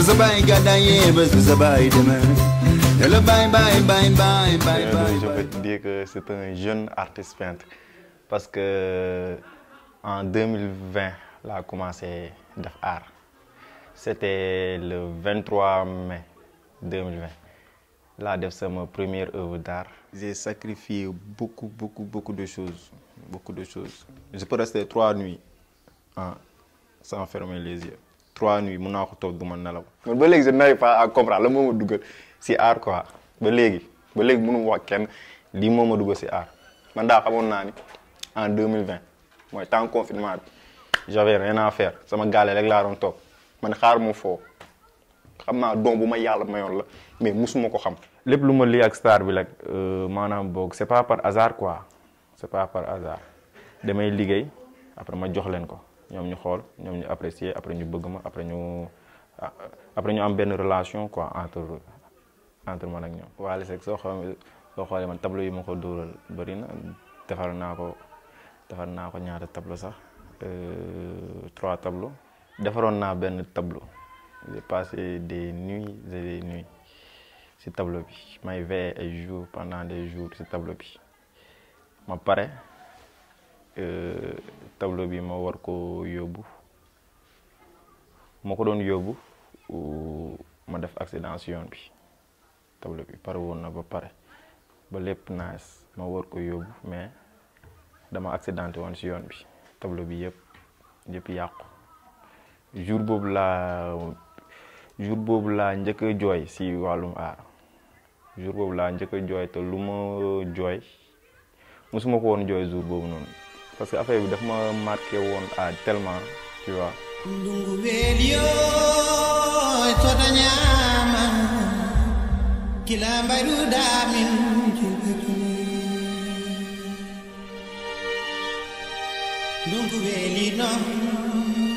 je peux te dire que c'est un jeune artiste peintre parce que en 2020 a commencé l'art. art le 23 mai 2020 Là, c'est ma première œuvre d'art. j'ai sacrifié beaucoup beaucoup beaucoup de choses beaucoup de choses je peux rester trois nuits hein, sans fermer les yeux. trois nuits mun naa ko toog du ma nelaw man ba léegi je pas à comprendre si aar quoi ba léegi ba léegi mënu wax si ar man daa xamoon naa ni en 2020 mooy temps confinement j'avais rien à faire sama gaale rek laa doon toog man xaar mu foo xam naa don bu ma yàlla la mais musuma ko xam ak star bi rek euh, maanaam boog c'est pas par hasard quoi c'est pas par hasard demay liggéey après ma jox ko ñom ñu xol ñom ñu apprécier après ñu après ñu après ñu am relation quoi entre entre man ak man tableau yi tableau euh, trois tableaux Je na tableau j'ai passé des nuits et des nuits ce tableau bi may pendant des jours ce tableau bi euh, tableau bi ma war ko yóbbu ma ko doon yóbbu ma def accident si yoon bi tableau bi pare woon na ba pare ba lépp naas ma war ko yóbbu mais dama accidenté woon si yoon bi tableau bi yëpp yëpp yàqu jour boobu laa jour boobu laa njëkk a jooy si wàllum aar jour boobu laa njëkk a jooy te lu ma jooy musuma ko woon jooy jour boobu noonu parce que affaire bi daf ma marqué woon à tellement tu vois. Dungu weli tota no